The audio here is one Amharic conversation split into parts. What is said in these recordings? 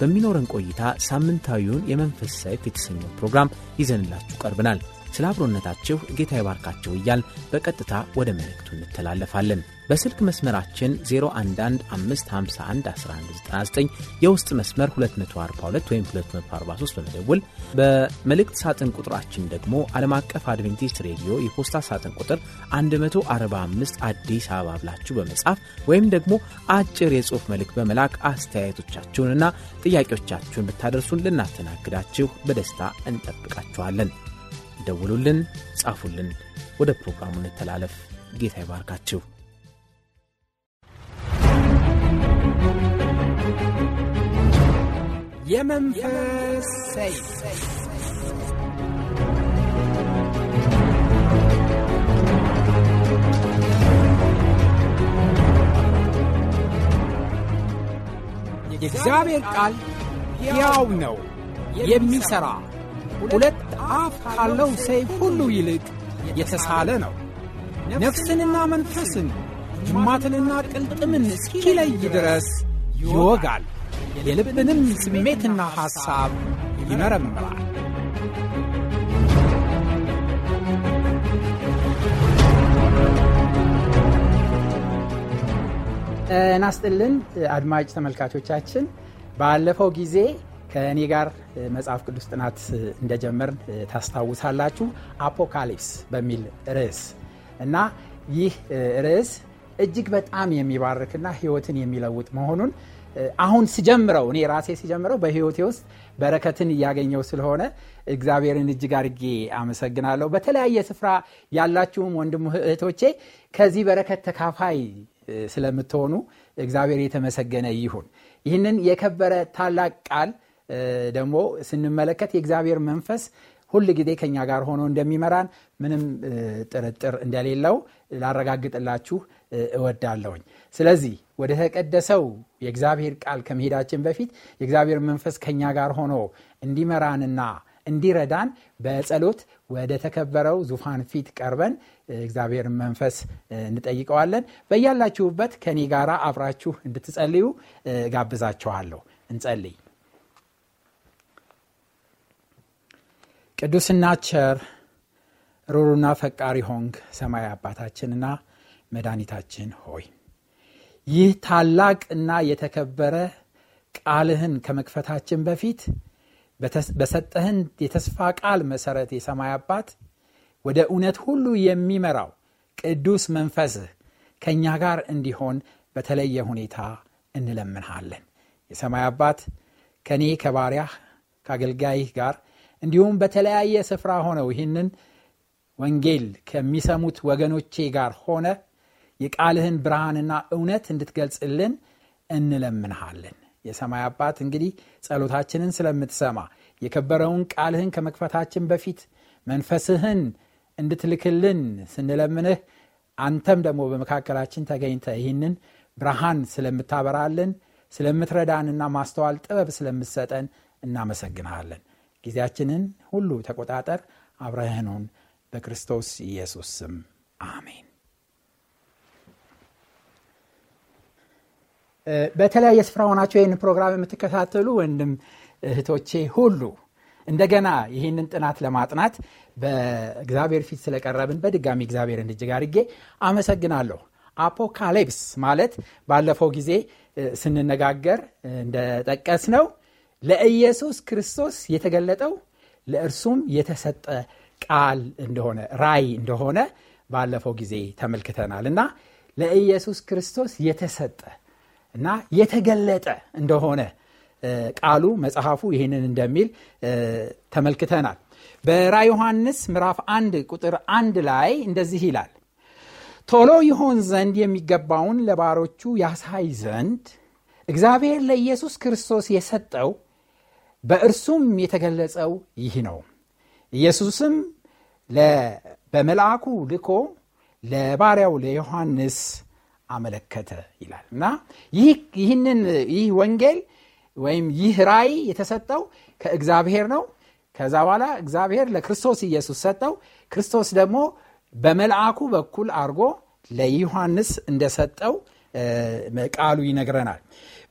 በሚኖረን ቆይታ ሳምንታዊውን የመንፈስ ሳይት የተሰኘው ፕሮግራም ይዘንላችሁ ቀርበናል። ስለ አብሮነታችሁ ጌታ ይባርካችሁ እያል በቀጥታ ወደ መልእክቱ እንተላለፋለን። በስልክ መስመራችን 0115511199 የውስጥ መስመር 242 ወይም 243 በመደወል በመልእክት ሳጥን ቁጥራችን ደግሞ ዓለም አቀፍ አድቬንቲስት ሬዲዮ የፖስታ ሳጥን ቁጥር 145 አዲስ አበባ ብላችሁ በመጻፍ ወይም ደግሞ አጭር የጽሑፍ መልእክት በመላክ አስተያየቶቻችሁንና ጥያቄዎቻችሁን ብታደርሱን ልናስተናግዳችሁ በደስታ እንጠብቃችኋለን። ደውሉልን፣ ጻፉልን። ወደ ፕሮግራሙ እንተላለፍ። ጌታ ይባርካችሁ። የመንፈስ ሰይፍ የእግዚአብሔር ቃል ሕያው ነው የሚሠራ ሁለት አፍ ካለው ሰይፍ ሁሉ ይልቅ የተሳለ ነው። ነፍስንና መንፈስን ጅማትንና ቅልጥምን እስኪለይ ድረስ ይወጋል፣ የልብንም ስሜትና ሐሳብ ይመረምራል። እናስጥልን አድማጭ ተመልካቾቻችን ባለፈው ጊዜ ከእኔ ጋር መጽሐፍ ቅዱስ ጥናት እንደጀመርን ታስታውሳላችሁ። አፖካሊፕስ በሚል ርዕስ እና ይህ ርዕስ እጅግ በጣም የሚባርክና ህይወትን የሚለውጥ መሆኑን አሁን ስጀምረው እኔ ራሴ ስጀምረው በህይወቴ ውስጥ በረከትን እያገኘው ስለሆነ እግዚአብሔርን እጅግ አድርጌ አመሰግናለሁ። በተለያየ ስፍራ ያላችሁም ወንድም እህቶቼ ከዚህ በረከት ተካፋይ ስለምትሆኑ እግዚአብሔር የተመሰገነ ይሁን። ይህንን የከበረ ታላቅ ቃል ደግሞ ስንመለከት የእግዚአብሔር መንፈስ ሁል ጊዜ ከኛ ጋር ሆኖ እንደሚመራን ምንም ጥርጥር እንደሌለው ላረጋግጥላችሁ እወዳለሁኝ። ስለዚህ ወደ ተቀደሰው የእግዚአብሔር ቃል ከመሄዳችን በፊት የእግዚአብሔር መንፈስ ከኛ ጋር ሆኖ እንዲመራንና እንዲረዳን በጸሎት ወደ ተከበረው ዙፋን ፊት ቀርበን እግዚአብሔር መንፈስ እንጠይቀዋለን። በያላችሁበት ከኔ ጋር አብራችሁ እንድትጸልዩ ጋብዛችኋለሁ። እንጸልይ። ቅዱስና ቸር ሩሩና ፈቃሪ ሆንግ ሰማይ አባታችንና መድኃኒታችን ሆይ ይህ ታላቅ እና የተከበረ ቃልህን ከመክፈታችን በፊት በሰጠህን የተስፋ ቃል መሰረት የሰማይ አባት ወደ እውነት ሁሉ የሚመራው ቅዱስ መንፈስህ ከእኛ ጋር እንዲሆን በተለየ ሁኔታ እንለምንሃለን። የሰማይ አባት ከእኔ ከባሪያህ ከአገልጋይህ ጋር እንዲሁም በተለያየ ስፍራ ሆነው ይህንን ወንጌል ከሚሰሙት ወገኖቼ ጋር ሆነ የቃልህን ብርሃንና እውነት እንድትገልጽልን እንለምንሃለን። የሰማይ አባት እንግዲህ ጸሎታችንን ስለምትሰማ የከበረውን ቃልህን ከመክፈታችን በፊት መንፈስህን እንድትልክልን ስንለምንህ አንተም ደግሞ በመካከላችን ተገኝተ ይህንን ብርሃን ስለምታበራልን ስለምትረዳንና ማስተዋል ጥበብ ስለምትሰጠን እናመሰግንሃለን። ጊዜያችንን ሁሉ ተቆጣጠር። አብረህኑን በክርስቶስ ኢየሱስ ስም አሜን። በተለያየ ስፍራ ሆናቸው ይህን ፕሮግራም የምትከታተሉ ወንድም እህቶቼ ሁሉ እንደገና ይህንን ጥናት ለማጥናት በእግዚአብሔር ፊት ስለቀረብን በድጋሚ እግዚአብሔር እጅግ አድርጌ አመሰግናለሁ። አፖካሊፕስ ማለት ባለፈው ጊዜ ስንነጋገር እንደጠቀስ ነው ለኢየሱስ ክርስቶስ የተገለጠው ለእርሱም የተሰጠ ቃል እንደሆነ ራይ እንደሆነ ባለፈው ጊዜ ተመልክተናል እና ለኢየሱስ ክርስቶስ የተሰጠ እና የተገለጠ እንደሆነ ቃሉ መጽሐፉ ይህንን እንደሚል ተመልክተናል። በራ ዮሐንስ ምዕራፍ አንድ ቁጥር አንድ ላይ እንደዚህ ይላል፣ ቶሎ ይሆን ዘንድ የሚገባውን ለባሮቹ ያሳይ ዘንድ እግዚአብሔር ለኢየሱስ ክርስቶስ የሰጠው በእርሱም የተገለጸው ይህ ነው። ኢየሱስም በመልአኩ ልኮ ለባሪያው ለዮሐንስ አመለከተ ይላል እና ይህንን ይህ ወንጌል ወይም ይህ ራይ የተሰጠው ከእግዚአብሔር ነው። ከዛ በኋላ እግዚአብሔር ለክርስቶስ ኢየሱስ ሰጠው። ክርስቶስ ደግሞ በመልአኩ በኩል አድርጎ ለዮሐንስ እንደሰጠው ቃሉ ይነግረናል።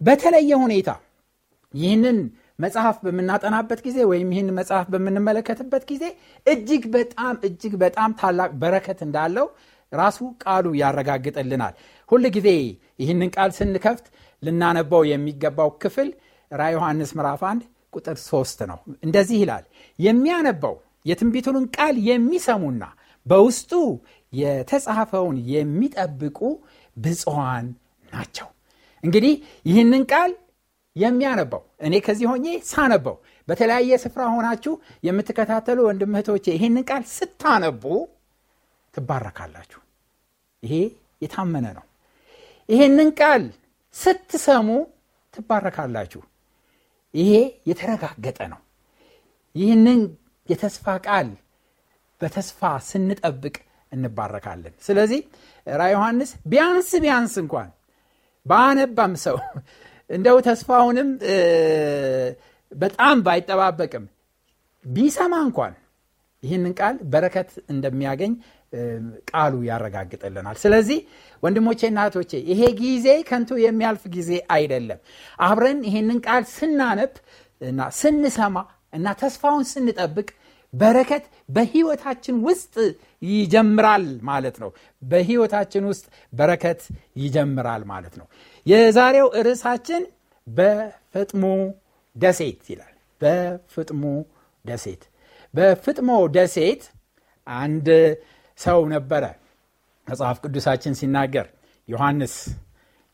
በተለየ ሁኔታ ይህንን መጽሐፍ በምናጠናበት ጊዜ ወይም ይህን መጽሐፍ በምንመለከትበት ጊዜ እጅግ በጣም እጅግ በጣም ታላቅ በረከት እንዳለው ራሱ ቃሉ ያረጋግጥልናል። ሁል ጊዜ ይህንን ቃል ስንከፍት ልናነባው የሚገባው ክፍል ራ ዮሐንስ ምራፍ 1 ቁጥር 3 ነው። እንደዚህ ይላል፣ የሚያነባው የትንቢቱንን ቃል የሚሰሙና በውስጡ የተጻፈውን የሚጠብቁ ብፅዋን ናቸው። እንግዲህ ይህንን ቃል የሚያነባው እኔ ከዚህ ሆኜ ሳነባው በተለያየ ስፍራ ሆናችሁ የምትከታተሉ ወንድምህቶች ይህንን ቃል ስታነቡ ትባረካላችሁ ይሄ የታመነ ነው ይህንን ቃል ስትሰሙ ትባረካላችሁ ይሄ የተረጋገጠ ነው ይህንን የተስፋ ቃል በተስፋ ስንጠብቅ እንባረካለን ስለዚህ ራ ዮሐንስ ቢያንስ ቢያንስ እንኳን በአነባም ሰው እንደው ተስፋውንም በጣም ባይጠባበቅም ቢሰማ እንኳን ይህንን ቃል በረከት እንደሚያገኝ ቃሉ ያረጋግጥልናል። ስለዚህ ወንድሞቼ እና ይሄ ጊዜ ከንቱ የሚያልፍ ጊዜ አይደለም። አብረን ይህንን ቃል ስናነብ እና ስንሰማ እና ተስፋውን ስንጠብቅ በረከት በህይወታችን ውስጥ ይጀምራል ማለት ነው። በህይወታችን ውስጥ በረከት ይጀምራል ማለት ነው። የዛሬው ርዕሳችን በፍጥሞ ደሴት ይላል። በፍጥሞ ደሴት በፍጥሞ ደሴት አንድ ሰው ነበረ። መጽሐፍ ቅዱሳችን ሲናገር ዮሐንስ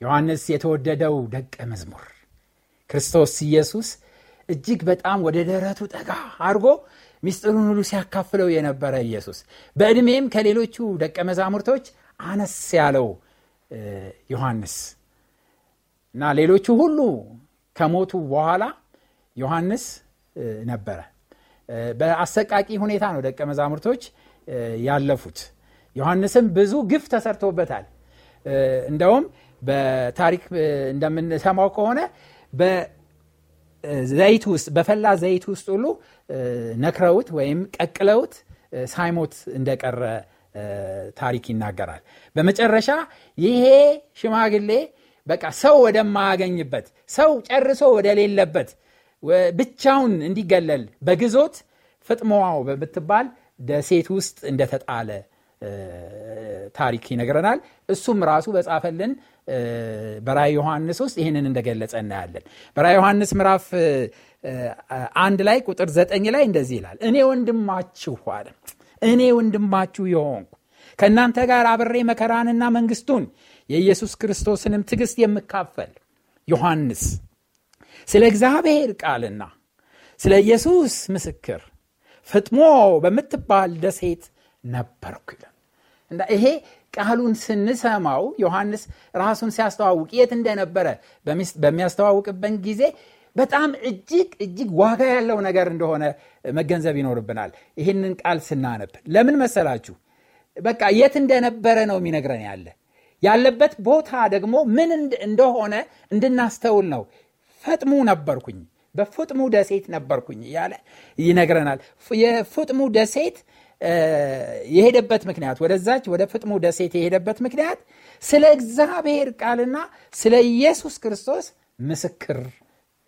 ዮሐንስ የተወደደው ደቀ መዝሙር ክርስቶስ ኢየሱስ እጅግ በጣም ወደ ደረቱ ጠጋ አድርጎ ሚስጥሩን ሁሉ ሲያካፍለው የነበረ ኢየሱስ በዕድሜም ከሌሎቹ ደቀ መዛሙርቶች አነስ ያለው ዮሐንስ እና ሌሎቹ ሁሉ ከሞቱ በኋላ ዮሐንስ ነበረ። በአሰቃቂ ሁኔታ ነው ደቀ መዛሙርቶች ያለፉት። ዮሐንስም ብዙ ግፍ ተሰርቶበታል። እንደውም በታሪክ እንደምንሰማው ከሆነ በዘይት ውስጥ በፈላ ዘይት ውስጥ ሁሉ ነክረውት ወይም ቀቅለውት ሳይሞት እንደቀረ ታሪክ ይናገራል። በመጨረሻ ይሄ ሽማግሌ በቃ ሰው ወደማያገኝበት ሰው ጨርሶ ወደሌለበት ብቻውን እንዲገለል በግዞት ፍጥሞዋው በምትባል ደሴት ውስጥ እንደተጣለ ታሪክ ይነግረናል። እሱም ራሱ በጻፈልን በራይ ዮሐንስ ውስጥ ይህንን እንደገለጸ እናያለን። በራይ ዮሐንስ ምዕራፍ አንድ ላይ ቁጥር ዘጠኝ ላይ እንደዚህ ይላል፣ እኔ ወንድማችሁ አለ እኔ ወንድማችሁ የሆንኩ ከእናንተ ጋር አብሬ መከራንና መንግስቱን የኢየሱስ ክርስቶስንም ትግስት የምካፈል ዮሐንስ ስለ እግዚአብሔር ቃልና ስለ ኢየሱስ ምስክር ፍጥሞ በምትባል ደሴት ነበርኩ ይላል እና ይሄ ቃሉን ስንሰማው ዮሐንስ ራሱን ሲያስተዋውቅ የት እንደነበረ በሚያስተዋውቅበት ጊዜ በጣም እጅግ እጅግ ዋጋ ያለው ነገር እንደሆነ መገንዘብ ይኖርብናል ይህንን ቃል ስናነብ ለምን መሰላችሁ በቃ የት እንደነበረ ነው የሚነግረን ያለ ያለበት ቦታ ደግሞ ምን እንደሆነ እንድናስተውል ነው። ፈጥሙ ነበርኩኝ፣ በፍጥሙ ደሴት ነበርኩኝ እያለ ይነግረናል። የፍጥሙ ደሴት የሄደበት ምክንያት ወደዛች ወደ ፍጥሙ ደሴት የሄደበት ምክንያት ስለ እግዚአብሔር ቃልና ስለ ኢየሱስ ክርስቶስ ምስክር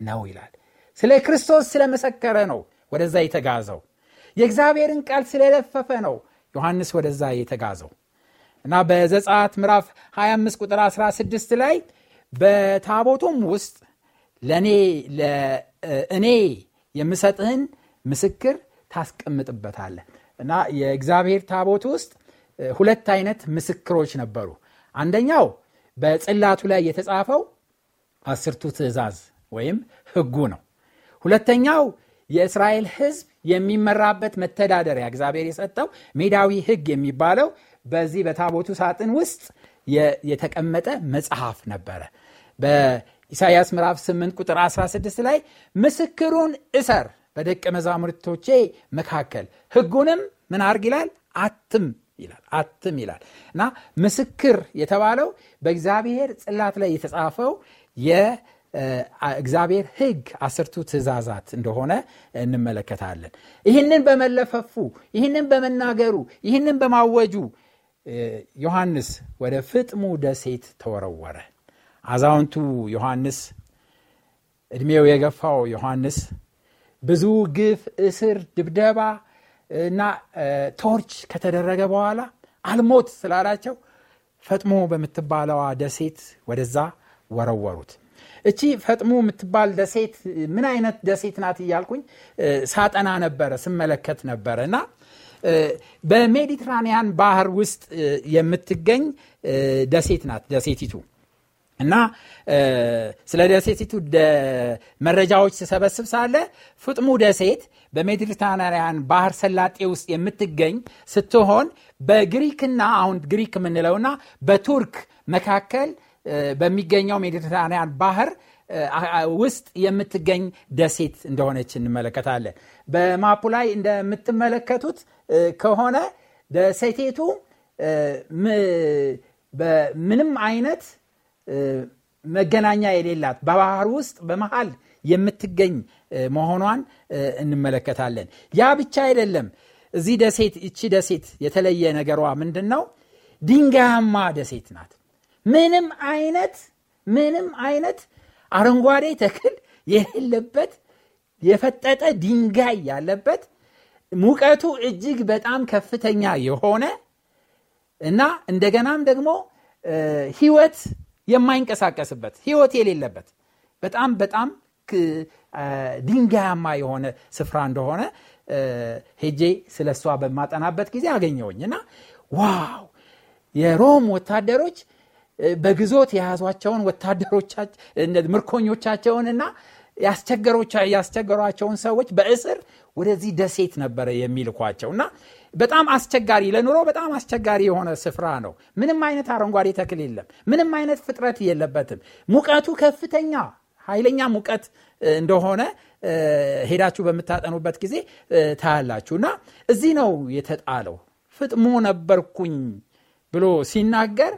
ነው ይላል። ስለ ክርስቶስ ስለመሰከረ ነው ወደዛ የተጋዘው። የእግዚአብሔርን ቃል ስለለፈፈ ነው ዮሐንስ ወደዛ የተጋዘው። እና በዘጻት ምዕራፍ 25 ቁጥር 16 ላይ በታቦቱም ውስጥ ለእኔ ለእኔ የምሰጥህን ምስክር ታስቀምጥበታለ እና የእግዚአብሔር ታቦት ውስጥ ሁለት አይነት ምስክሮች ነበሩ አንደኛው በጽላቱ ላይ የተጻፈው አስርቱ ትእዛዝ ወይም ህጉ ነው ሁለተኛው የእስራኤል ህዝብ የሚመራበት መተዳደሪያ እግዚአብሔር የሰጠው ሜዳዊ ህግ የሚባለው በዚህ በታቦቱ ሳጥን ውስጥ የተቀመጠ መጽሐፍ ነበረ። በኢሳይያስ ምዕራፍ 8 ቁጥር 16 ላይ ምስክሩን እሰር በደቀ መዛሙርቶቼ መካከል ህጉንም ምን አርግ ይላል አትም ይላል አትም ይላል እና ምስክር የተባለው በእግዚአብሔር ጽላት ላይ የተጻፈው የእግዚአብሔር ህግ አስርቱ ትእዛዛት እንደሆነ እንመለከታለን። ይህንን በመለፈፉ፣ ይህንን በመናገሩ፣ ይህንን በማወጁ ዮሐንስ ወደ ፍጥሙ ደሴት ተወረወረ። አዛውንቱ ዮሐንስ፣ እድሜው የገፋው ዮሐንስ ብዙ ግፍ፣ እስር፣ ድብደባ እና ቶርች ከተደረገ በኋላ አልሞት ስላላቸው ፈጥሞ በምትባለዋ ደሴት ወደዛ ወረወሩት። እቺ ፈጥሞ የምትባል ደሴት ምን አይነት ደሴት ናት እያልኩኝ ሳጠና ነበረ ስመለከት ነበረ እና በሜዲትራኒያን ባህር ውስጥ የምትገኝ ደሴት ናት ደሴቲቱ እና ስለ ደሴቲቱ መረጃዎች ስሰበስብ ሳለ ፍጥሙ ደሴት በሜዲትራኒያን ባህር ሰላጤ ውስጥ የምትገኝ ስትሆን በግሪክና አሁን ግሪክ የምንለውና በቱርክ መካከል በሚገኘው ሜዲትራኒያን ባህር ውስጥ የምትገኝ ደሴት እንደሆነች እንመለከታለን። በማፑ ላይ እንደምትመለከቱት ከሆነ ደሴቴቱ ምንም አይነት መገናኛ የሌላት በባህር ውስጥ በመሃል የምትገኝ መሆኗን እንመለከታለን። ያ ብቻ አይደለም። እዚህ ደሴት እቺ ደሴት የተለየ ነገሯ ምንድን ነው? ድንጋያማ ደሴት ናት። ምንም አይነት ምንም አይነት አረንጓዴ ተክል የሌለበት የፈጠጠ ድንጋይ ያለበት ሙቀቱ እጅግ በጣም ከፍተኛ የሆነ እና እንደገናም ደግሞ ህይወት የማይንቀሳቀስበት ህይወት የሌለበት በጣም በጣም ድንጋያማ የሆነ ስፍራ እንደሆነ ሄጄ ስለ እሷ በማጠናበት ጊዜ አገኘውኝ እና ዋው የሮም ወታደሮች በግዞት የያዟቸውን ወታደሮቻ ምርኮኞቻቸውንና ያስቸገሯቸውን ሰዎች በእስር ወደዚህ ደሴት ነበረ የሚልኳቸው እና በጣም አስቸጋሪ ለኑሮ በጣም አስቸጋሪ የሆነ ስፍራ ነው። ምንም አይነት አረንጓዴ ተክል የለም። ምንም አይነት ፍጥረት የለበትም። ሙቀቱ ከፍተኛ ኃይለኛ ሙቀት እንደሆነ ሄዳችሁ በምታጠኑበት ጊዜ ታያላችሁ። እና እዚህ ነው የተጣለው። ፍጥሞ ነበርኩኝ ብሎ ሲናገር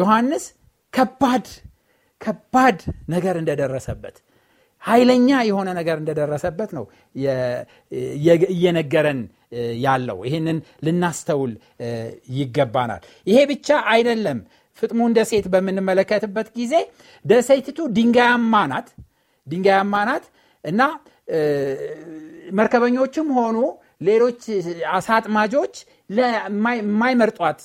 ዮሐንስ ከባድ ከባድ ነገር እንደደረሰበት ኃይለኛ የሆነ ነገር እንደደረሰበት ነው እየነገረን ያለው። ይህንን ልናስተውል ይገባናል። ይሄ ብቻ አይደለም። ፍጥሙን ደሴት በምንመለከትበት ጊዜ ደሴትቱ ድንጋያማ ናት፣ ድንጋያማ ናት እና መርከበኞችም ሆኑ ሌሎች አሳጥማጆች ለማይመርጧት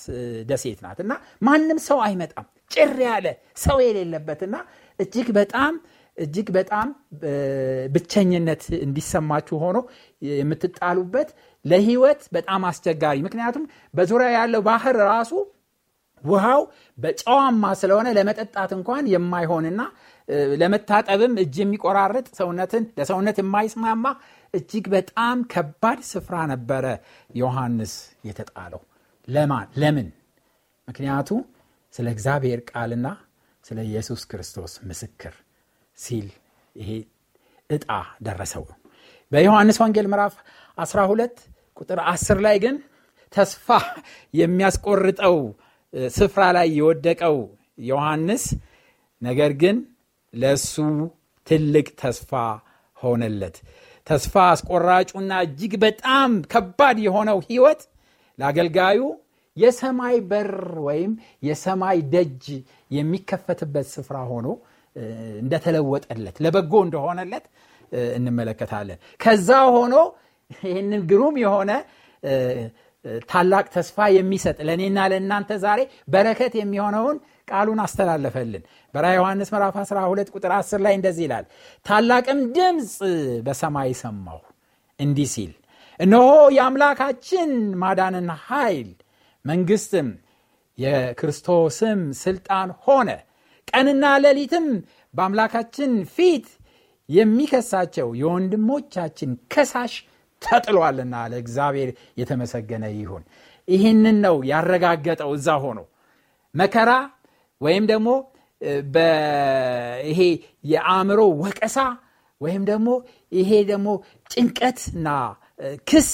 ደሴት ናት እና ማንም ሰው አይመጣም። ጭር ያለ ሰው የሌለበትና እጅግ በጣም እጅግ በጣም ብቸኝነት እንዲሰማችሁ ሆኖ የምትጣሉበት ለህይወት በጣም አስቸጋሪ ምክንያቱም በዙሪያ ያለው ባህር ራሱ ውሃው በጨዋማ ስለሆነ ለመጠጣት እንኳን የማይሆንና ለመታጠብም እጅ የሚቆራርጥ ሰውነትን ለሰውነት የማይስማማ እጅግ በጣም ከባድ ስፍራ ነበረ ዮሐንስ የተጣለው። ለማን ለምን? ምክንያቱ ስለ እግዚአብሔር ቃልና ስለ ኢየሱስ ክርስቶስ ምስክር ሲል ይሄ እጣ ደረሰው። በዮሐንስ ወንጌል ምዕራፍ 12 ቁጥር 10 ላይ ግን ተስፋ የሚያስቆርጠው ስፍራ ላይ የወደቀው ዮሐንስ ነገር ግን ለእሱ ትልቅ ተስፋ ሆነለት። ተስፋ አስቆራጩና እጅግ በጣም ከባድ የሆነው ህይወት ለአገልጋዩ የሰማይ በር ወይም የሰማይ ደጅ የሚከፈትበት ስፍራ ሆኖ እንደተለወጠለት ለበጎ እንደሆነለት እንመለከታለን። ከዛ ሆኖ ይህንን ግሩም የሆነ ታላቅ ተስፋ የሚሰጥ ለእኔና ለእናንተ ዛሬ በረከት የሚሆነውን ቃሉን አስተላለፈልን። በራ ዮሐንስ መራፍ 12 ቁጥር 10 ላይ እንደዚህ ይላል፣ ታላቅም ድምፅ በሰማይ ሰማሁ እንዲህ ሲል እነሆ የአምላካችን ማዳንን ኃይል መንግሥትም የክርስቶስም ስልጣን ሆነ። ቀንና ሌሊትም በአምላካችን ፊት የሚከሳቸው የወንድሞቻችን ከሳሽ ተጥሏልና ለእግዚአብሔር የተመሰገነ ይሁን። ይህንን ነው ያረጋገጠው። እዛ ሆኖ መከራ ወይም ደግሞ ይሄ የአእምሮ ወቀሳ ወይም ደግሞ ይሄ ደግሞ ጭንቀትና ክስ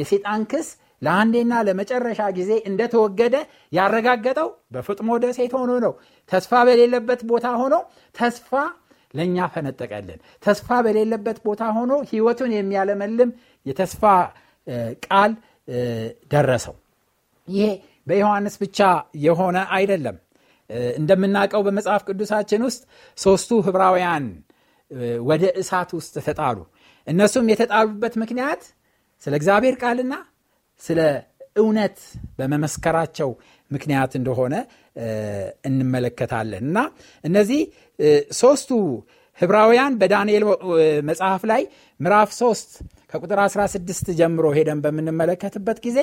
የሴጣን ክስ ለአንዴና ለመጨረሻ ጊዜ እንደተወገደ ያረጋገጠው በፍጥሞ ደሴት ሆኖ ነው። ተስፋ በሌለበት ቦታ ሆኖ ተስፋ ለእኛ ፈነጠቀልን። ተስፋ በሌለበት ቦታ ሆኖ ህይወቱን የሚያለመልም የተስፋ ቃል ደረሰው። ይሄ በዮሐንስ ብቻ የሆነ አይደለም። እንደምናውቀው በመጽሐፍ ቅዱሳችን ውስጥ ሶስቱ ህብራውያን ወደ እሳት ውስጥ ተጣሉ። እነሱም የተጣሉበት ምክንያት ስለ እግዚአብሔር ቃልና ስለ እውነት በመመስከራቸው ምክንያት እንደሆነ እንመለከታለን እና እነዚህ ሶስቱ ህብራውያን በዳንኤል መጽሐፍ ላይ ምዕራፍ ሶስት ከቁጥር 16 ጀምሮ ሄደን በምንመለከትበት ጊዜ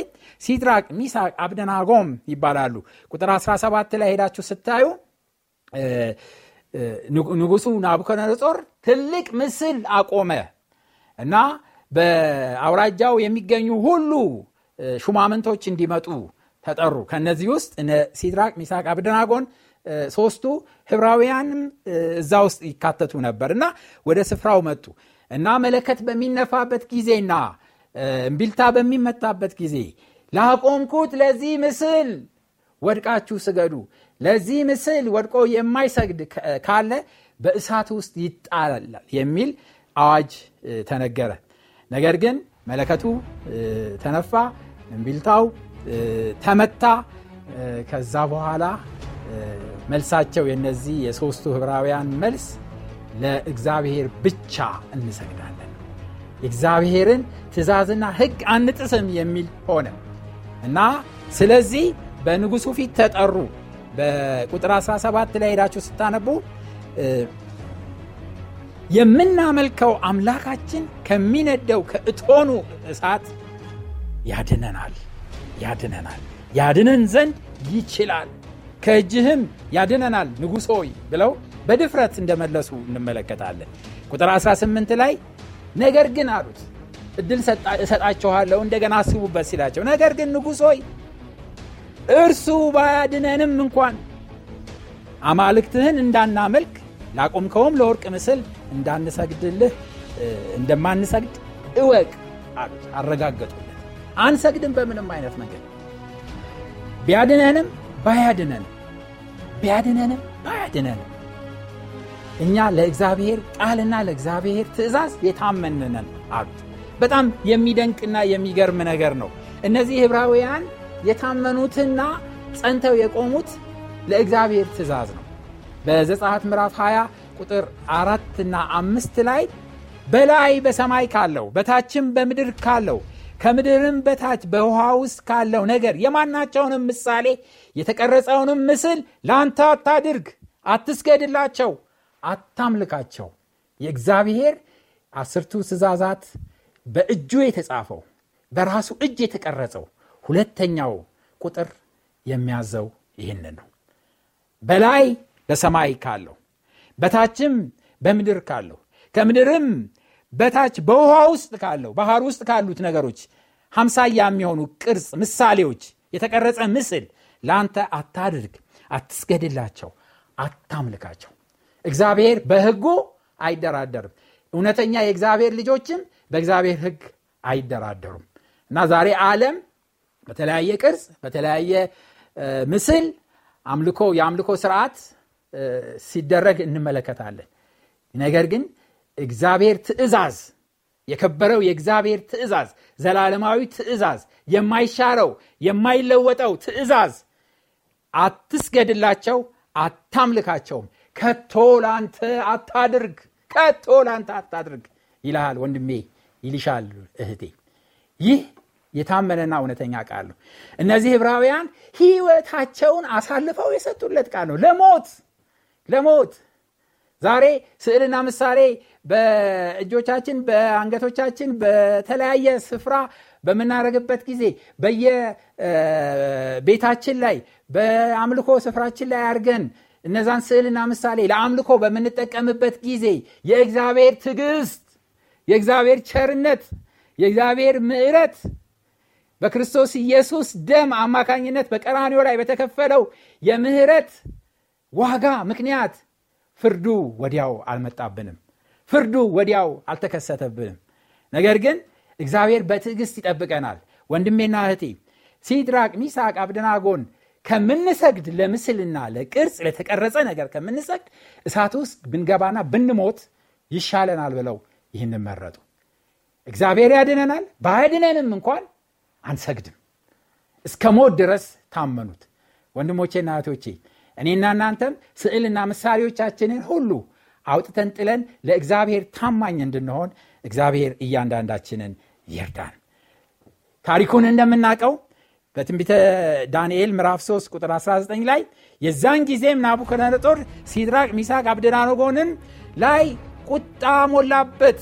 ሲድራቅ፣ ሚሳቅ፣ አብደናጎም ይባላሉ። ቁጥር 17 ላይ ሄዳችሁ ስታዩ ንጉሱ ናቡከነጾር ትልቅ ምስል አቆመ እና በአውራጃው የሚገኙ ሁሉ ሹማምንቶች እንዲመጡ ተጠሩ። ከነዚህ ውስጥ እነ ሲድራቅ፣ ሚሳቅ፣ አብደናጎን ሶስቱ ህብራውያንም እዛ ውስጥ ይካተቱ ነበር እና ወደ ስፍራው መጡ። እና መለከት በሚነፋበት ጊዜና እምቢልታ በሚመጣበት ጊዜ ላቆምኩት ለዚህ ምስል ወድቃችሁ ስገዱ፣ ለዚህ ምስል ወድቆ የማይሰግድ ካለ በእሳት ውስጥ ይጣላል የሚል አዋጅ ተነገረ። ነገር ግን መለከቱ ተነፋ፣ እምቢልታው ተመታ። ከዛ በኋላ መልሳቸው የነዚህ የሦስቱ ዕብራውያን መልስ ለእግዚአብሔር ብቻ እንሰግዳለን የእግዚአብሔርን ትእዛዝና ሕግ አንጥስም የሚል ሆነ እና ስለዚህ በንጉሱ ፊት ተጠሩ በቁጥር 17 ላይ ሄዳችሁ ስታነቡ የምናመልከው አምላካችን ከሚነደው ከእቶኑ እሳት ያድነናል ያድነናል ያድነን ዘንድ ይችላል ከእጅህም ያድነናል ንጉሶ ብለው በድፍረት እንደመለሱ እንመለከታለን። ቁጥር 18 ላይ ነገር ግን አሉት እድል እሰጣችኋለሁ እንደገና አስቡበት ሲላቸው፣ ነገር ግን ንጉሥ ሆይ እርሱ ባያድነንም እንኳን አማልክትህን እንዳናመልክ ላቆምከውም ለወርቅ ምስል እንዳንሰግድልህ እንደማንሰግድ እወቅ አሉት። አረጋገጡለት። አንሰግድም በምንም አይነት መንገድ ቢያድነንም ባያድነንም ቢያድነንም ባያድነንም እኛ ለእግዚአብሔር ቃልና ለእግዚአብሔር ትእዛዝ የታመንነን አሉት። በጣም የሚደንቅና የሚገርም ነገር ነው። እነዚህ ኅብራውያን የታመኑትና ጸንተው የቆሙት ለእግዚአብሔር ትእዛዝ ነው። በዘጻሐት ምዕራፍ 20 ቁጥር አራትና አምስት ላይ በላይ በሰማይ ካለው በታችም በምድር ካለው ከምድርም በታች በውሃ ውስጥ ካለው ነገር የማናቸውንም ምሳሌ የተቀረጸውንም ምስል ለአንተ አታድርግ፣ አትስገድላቸው አታምልካቸው። የእግዚአብሔር አስርቱ ትእዛዛት በእጁ የተጻፈው በራሱ እጅ የተቀረጸው ሁለተኛው ቁጥር የሚያዘው ይህን ነው። በላይ በሰማይ ካለው በታችም በምድር ካለው ከምድርም በታች በውሃ ውስጥ ካለው ባህር ውስጥ ካሉት ነገሮች ሀምሳያ የሚሆኑ ቅርጽ ምሳሌዎች የተቀረጸ ምስል ለአንተ አታድርግ፣ አትስገድላቸው፣ አታምልካቸው። እግዚአብሔር በህጉ አይደራደርም። እውነተኛ የእግዚአብሔር ልጆችም በእግዚአብሔር ህግ አይደራደሩም እና ዛሬ ዓለም በተለያየ ቅርጽ በተለያየ ምስል አምልኮ የአምልኮ ስርዓት ሲደረግ እንመለከታለን። ነገር ግን እግዚአብሔር ትእዛዝ የከበረው የእግዚአብሔር ትእዛዝ ዘላለማዊ ትእዛዝ የማይሻረው የማይለወጠው ትእዛዝ አትስገድላቸው፣ አታምልካቸውም ከቶ ላንተ አታድርግ፣ ከቶ ላንተ አታድርግ ይልሃል ወንድሜ፣ ይልሻል እህቴ። ይህ የታመነና እውነተኛ ቃል ነው። እነዚህ ህብራውያን ህይወታቸውን አሳልፈው የሰጡለት ቃል ነው። ለሞት ለሞት ዛሬ ስዕልና ምሳሌ በእጆቻችን በአንገቶቻችን በተለያየ ስፍራ በምናደርግበት ጊዜ በየቤታችን ላይ በአምልኮ ስፍራችን ላይ አድርገን እነዛን ስዕልና ምሳሌ ለአምልኮ በምንጠቀምበት ጊዜ የእግዚአብሔር ትዕግስት፣ የእግዚአብሔር ቸርነት፣ የእግዚአብሔር ምዕረት በክርስቶስ ኢየሱስ ደም አማካኝነት በቀራኒዮ ላይ በተከፈለው የምህረት ዋጋ ምክንያት ፍርዱ ወዲያው አልመጣብንም። ፍርዱ ወዲያው አልተከሰተብንም። ነገር ግን እግዚአብሔር በትዕግስት ይጠብቀናል። ወንድሜና እህቴ ሲድራቅ፣ ሚሳቅ፣ አብደናጎን ከምንሰግድ ለምስልና ለቅርጽ ለተቀረጸ ነገር ከምንሰግድ እሳት ውስጥ ብንገባና ብንሞት ይሻለናል ብለው ይህን መረጡ። እግዚአብሔር ያድነናል፣ ባያድነንም እንኳን አንሰግድም። እስከ ሞት ድረስ ታመኑት። ና እህቶቼ እኔና እናንተም ስዕልና ምሳሌዎቻችንን ሁሉ አውጥተን ጥለን ለእግዚአብሔር ታማኝ እንድንሆን እግዚአብሔር እያንዳንዳችንን ይርዳን። ታሪኩን እንደምናውቀው በትንቢተ ዳንኤል ምዕራፍ 3 ቁጥር 19 ላይ የዛን ጊዜም ናቡከደነጦር ሲድራቅ፣ ሚሳቅ አብደናጎንን ላይ ቁጣ ሞላበት፣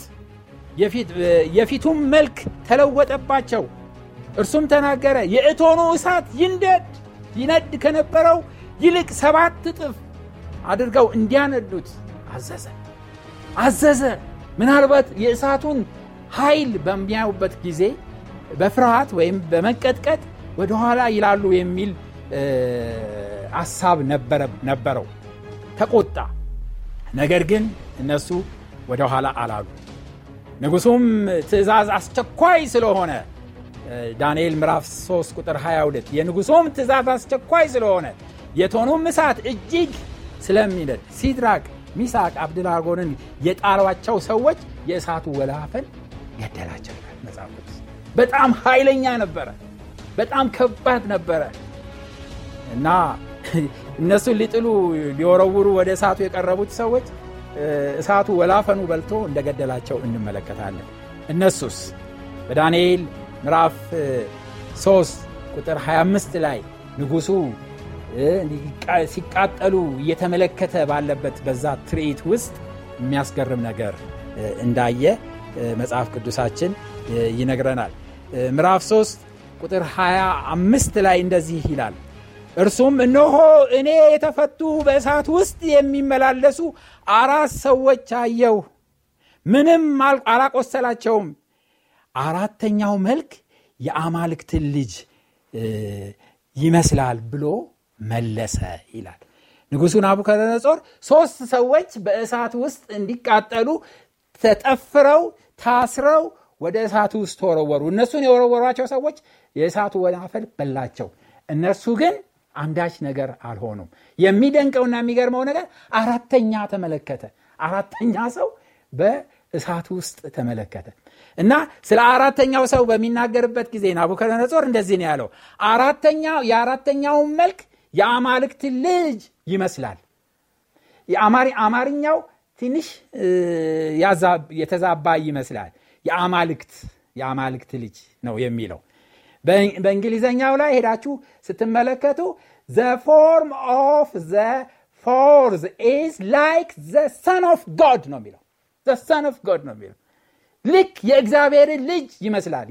የፊቱም መልክ ተለወጠባቸው። እርሱም ተናገረ፣ የእቶኑ እሳት ይንደድ ይነድ ከነበረው ይልቅ ሰባት እጥፍ አድርገው እንዲያነዱት አዘዘ አዘዘ። ምናልባት የእሳቱን ኃይል በሚያዩበት ጊዜ በፍርሃት ወይም በመንቀጥቀጥ ወደኋላ ይላሉ የሚል አሳብ ነበረው። ተቆጣ። ነገር ግን እነሱ ወደኋላ አላሉ። ንጉሱም ትእዛዝ አስቸኳይ ስለሆነ ዳንኤል ምዕራፍ 3 ቁጥር 22 የንጉሱም ትእዛዝ አስቸኳይ ስለሆነ የቶኑም እሳት እጅግ ስለሚነድ ሲድራቅ፣ ሚሳቅ አብድላጎንን የጣሏቸው ሰዎች የእሳቱ ወላፈን ገደላቸው። መጽሐፍ በጣም ኃይለኛ ነበረ። በጣም ከባድ ነበረ እና እነሱን ሊጥሉ ሊወረውሩ ወደ እሳቱ የቀረቡት ሰዎች እሳቱ ወላፈኑ በልቶ እንደገደላቸው እንመለከታለን። እነሱስ በዳንኤል ምዕራፍ 3 ቁጥር 25 ላይ ንጉሡ ሲቃጠሉ እየተመለከተ ባለበት በዛ ትርኢት ውስጥ የሚያስገርም ነገር እንዳየ መጽሐፍ ቅዱሳችን ይነግረናል። ምዕራፍ 3 ቁጥር 25 ላይ እንደዚህ ይላል እርሱም እነሆ እኔ የተፈቱ በእሳት ውስጥ የሚመላለሱ አራት ሰዎች አየው ምንም አላቆሰላቸውም አራተኛው መልክ የአማልክትን ልጅ ይመስላል ብሎ መለሰ ይላል ንጉሱን ናቡከደነጾር ሶስት ሰዎች በእሳት ውስጥ እንዲቃጠሉ ተጠፍረው ታስረው ወደ እሳቱ ውስጥ ተወረወሩ። እነሱን የወረወሯቸው ሰዎች የእሳቱ ወናፈል በላቸው። እነርሱ ግን አንዳች ነገር አልሆኑም። የሚደንቀውና የሚገርመው ነገር አራተኛ ተመለከተ። አራተኛ ሰው በእሳቱ ውስጥ ተመለከተ እና ስለ አራተኛው ሰው በሚናገርበት ጊዜ ናቡከደነጾር እንደዚህ ነው ያለው። አራተኛው የአራተኛውን መልክ የአማልክት ልጅ ይመስላል። አማርኛው ትንሽ የተዛባ ይመስላል። የአማልክት የአማልክት ልጅ ነው የሚለው በእንግሊዘኛው ላይ ሄዳችሁ ስትመለከቱ ዘ ፎርም ኦፍ ዘ ፎርዝ ኢዝ ላይክ ዘ ሰን ኦፍ ጎድ ነው የሚለው ዘ ሰን ኦፍ ጎድ ነው የሚለው ልክ የእግዚአብሔር ልጅ ይመስላል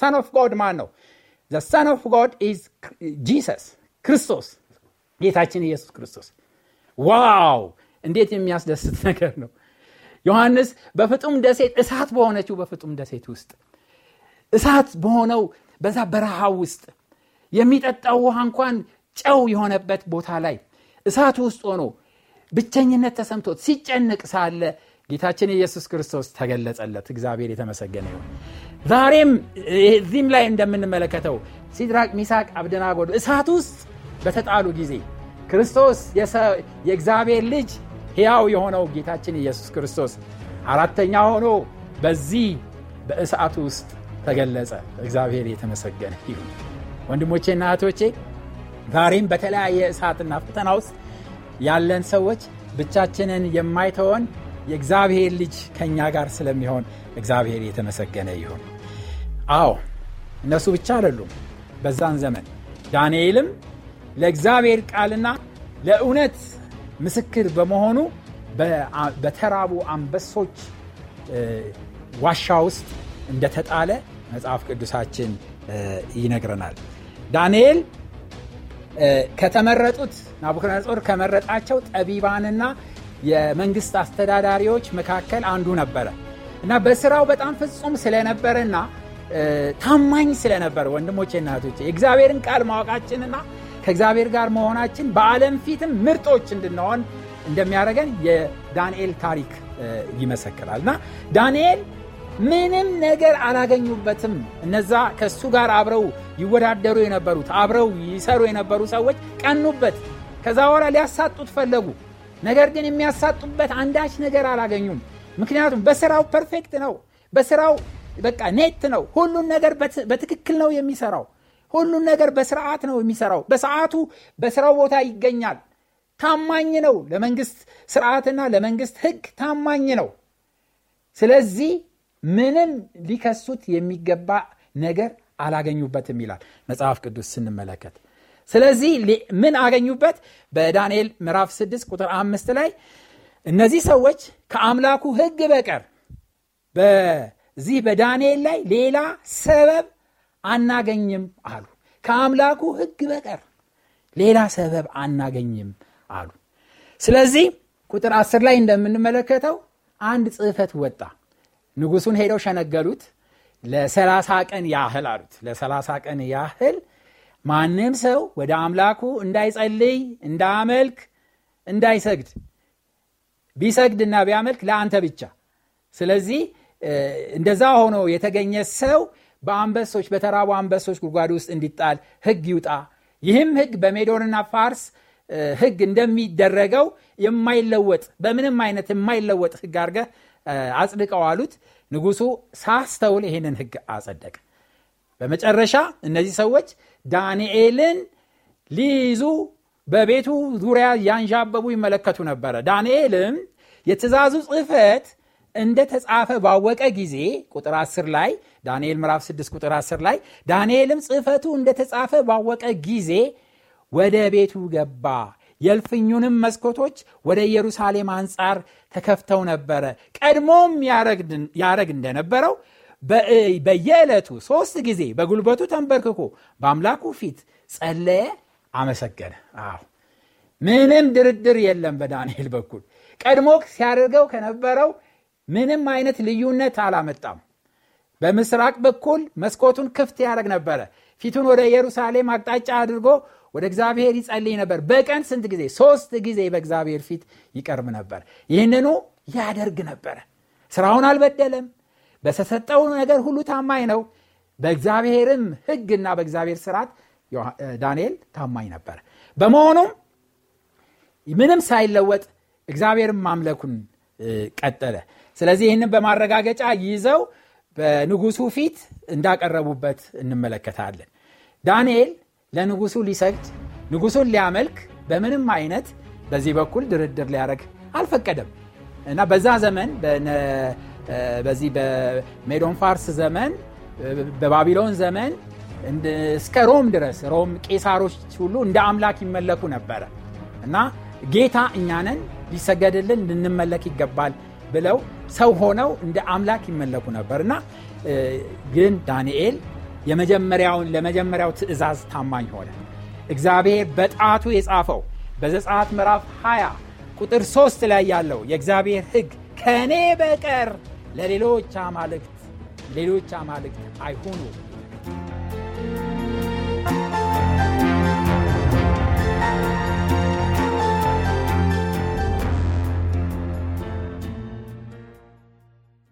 ሰን ኦፍ ጎድ ማን ነው ዘ ሰን ኦፍ ጎድ ኢዝ ጂሰስ ክርስቶስ ጌታችን ኢየሱስ ክርስቶስ ዋው እንዴት የሚያስደስት ነገር ነው ዮሐንስ በፍጡም ደሴት እሳት በሆነችው በፍጡም ደሴት ውስጥ እሳት በሆነው በዛ በረሃ ውስጥ የሚጠጣው ውሃ እንኳን ጨው የሆነበት ቦታ ላይ እሳት ውስጥ ሆኖ ብቸኝነት ተሰምቶት ሲጨንቅ ሳለ ጌታችን ኢየሱስ ክርስቶስ ተገለጸለት። እግዚአብሔር የተመሰገነ ይሆን ዛሬም እዚህም ላይ እንደምንመለከተው ሲድራቅ፣ ሚሳቅ፣ አብደናጎዶ እሳት ውስጥ በተጣሉ ጊዜ ክርስቶስ የእግዚአብሔር ልጅ ሕያው የሆነው ጌታችን ኢየሱስ ክርስቶስ አራተኛ ሆኖ በዚህ በእሳቱ ውስጥ ተገለጸ። እግዚአብሔር የተመሰገነ ይሁን። ወንድሞቼና እህቶቼ ዛሬም በተለያየ እሳትና ፈተና ውስጥ ያለን ሰዎች ብቻችንን የማይተወን የእግዚአብሔር ልጅ ከእኛ ጋር ስለሚሆን እግዚአብሔር የተመሰገነ ይሁን። አዎ እነሱ ብቻ አይደሉም። በዛን ዘመን ዳንኤልም ለእግዚአብሔር ቃልና ለእውነት ምስክር በመሆኑ በተራቡ አንበሶች ዋሻ ውስጥ እንደተጣለ መጽሐፍ ቅዱሳችን ይነግረናል። ዳንኤል ከተመረጡት ናቡከደነጾር ከመረጣቸው ጠቢባንና የመንግስት አስተዳዳሪዎች መካከል አንዱ ነበረ እና በስራው በጣም ፍጹም ስለነበረና ታማኝ ስለነበረ ወንድሞቼና እህቶቼ የእግዚአብሔርን ቃል ማወቃችንና ከእግዚአብሔር ጋር መሆናችን በዓለም ፊትም ምርጦች እንድንሆን እንደሚያደርገን የዳንኤል ታሪክ ይመሰክራል እና ዳንኤል ምንም ነገር አላገኙበትም። እነዛ ከእሱ ጋር አብረው ይወዳደሩ የነበሩት አብረው ይሰሩ የነበሩ ሰዎች ቀኑበት። ከዛ በኋላ ሊያሳጡት ፈለጉ። ነገር ግን የሚያሳጡበት አንዳች ነገር አላገኙም። ምክንያቱም በስራው ፐርፌክት ነው። በስራው በቃ ኔት ነው። ሁሉን ነገር በትክክል ነው የሚሰራው ሁሉን ነገር በስርዓት ነው የሚሰራው። በሰዓቱ በስራው ቦታ ይገኛል። ታማኝ ነው። ለመንግስት ስርዓትና ለመንግስት ህግ ታማኝ ነው። ስለዚህ ምንም ሊከሱት የሚገባ ነገር አላገኙበትም ይላል መጽሐፍ ቅዱስ ስንመለከት። ስለዚህ ምን አገኙበት? በዳንኤል ምዕራፍ 6 ቁጥር አምስት ላይ እነዚህ ሰዎች ከአምላኩ ህግ በቀር በዚህ በዳንኤል ላይ ሌላ ሰበብ አናገኝም አሉ። ከአምላኩ ህግ በቀር ሌላ ሰበብ አናገኝም አሉ። ስለዚህ ቁጥር አስር ላይ እንደምንመለከተው አንድ ጽህፈት ወጣ። ንጉሱን ሄደው ሸነገሉት። ለሰላሳ ቀን ያህል አሉት። ለሰላሳ ቀን ያህል ማንም ሰው ወደ አምላኩ እንዳይጸልይ፣ እንዳመልክ እንዳይሰግድ ቢሰግድና ቢያመልክ ለአንተ ብቻ። ስለዚህ እንደዛ ሆኖ የተገኘ ሰው በአንበሶች በተራቡ አንበሶች ጉድጓድ ውስጥ እንዲጣል ህግ ይውጣ ይህም ህግ በሜዶንና ፋርስ ህግ እንደሚደረገው የማይለወጥ በምንም አይነት የማይለወጥ ህግ አድርገ አጽድቀው አሉት ንጉሱ ሳስተውል ይህንን ህግ አጸደቀ በመጨረሻ እነዚህ ሰዎች ዳንኤልን ሊይዙ በቤቱ ዙሪያ ያንዣበቡ ይመለከቱ ነበረ ዳንኤልም የትእዛዙ ጽህፈት እንደ ተጻፈ ባወቀ ጊዜ ቁጥር 10 ላይ ዳንኤል ምዕራፍ 6 ቁጥር 10 ላይ ዳንኤልም ጽህፈቱ እንደተጻፈ ባወቀ ጊዜ ወደ ቤቱ ገባ የልፍኙንም መስኮቶች ወደ ኢየሩሳሌም አንጻር ተከፍተው ነበረ ቀድሞም ያረግ እንደነበረው በየዕለቱ ሦስት ጊዜ በጉልበቱ ተንበርክኮ በአምላኩ ፊት ጸለየ አመሰገነ አዎ ምንም ድርድር የለም በዳንኤል በኩል ቀድሞ ሲያደርገው ከነበረው ምንም አይነት ልዩነት አላመጣም በምስራቅ በኩል መስኮቱን ክፍት ያደረግ ነበረ። ፊቱን ወደ ኢየሩሳሌም አቅጣጫ አድርጎ ወደ እግዚአብሔር ይጸልይ ነበር። በቀን ስንት ጊዜ? ሶስት ጊዜ በእግዚአብሔር ፊት ይቀርብ ነበር። ይህንኑ ያደርግ ነበረ። ስራውን አልበደለም። በተሰጠው ነገር ሁሉ ታማኝ ነው። በእግዚአብሔርም ህግና በእግዚአብሔር ስርዓት ዳንኤል ታማኝ ነበር። በመሆኑም ምንም ሳይለወጥ እግዚአብሔርን ማምለኩን ቀጠለ። ስለዚህ ይህንን በማረጋገጫ ይዘው በንጉሱ ፊት እንዳቀረቡበት እንመለከታለን። ዳንኤል ለንጉሱ ሊሰግድ ንጉሱን ሊያመልክ በምንም አይነት በዚህ በኩል ድርድር ሊያደርግ አልፈቀደም እና በዛ ዘመን በዚህ በሜዶን ፋርስ ዘመን በባቢሎን ዘመን እስከ ሮም ድረስ ሮም ቄሳሮች ሁሉ እንደ አምላክ ይመለኩ ነበረ እና ጌታ እኛንን ሊሰገድልን ልንመለክ ይገባል ብለው ሰው ሆነው እንደ አምላክ ይመለኩ ነበር እና ግን ዳንኤል የመጀመሪያውን ለመጀመሪያው ትእዛዝ ታማኝ ሆነ። እግዚአብሔር በጣቱ የጻፈው በዘጻት ምዕራፍ 20 ቁጥር 3 ላይ ያለው የእግዚአብሔር ህግ ከእኔ በቀር ለሌሎች አማልክት ሌሎች አማልክት አይሁኑ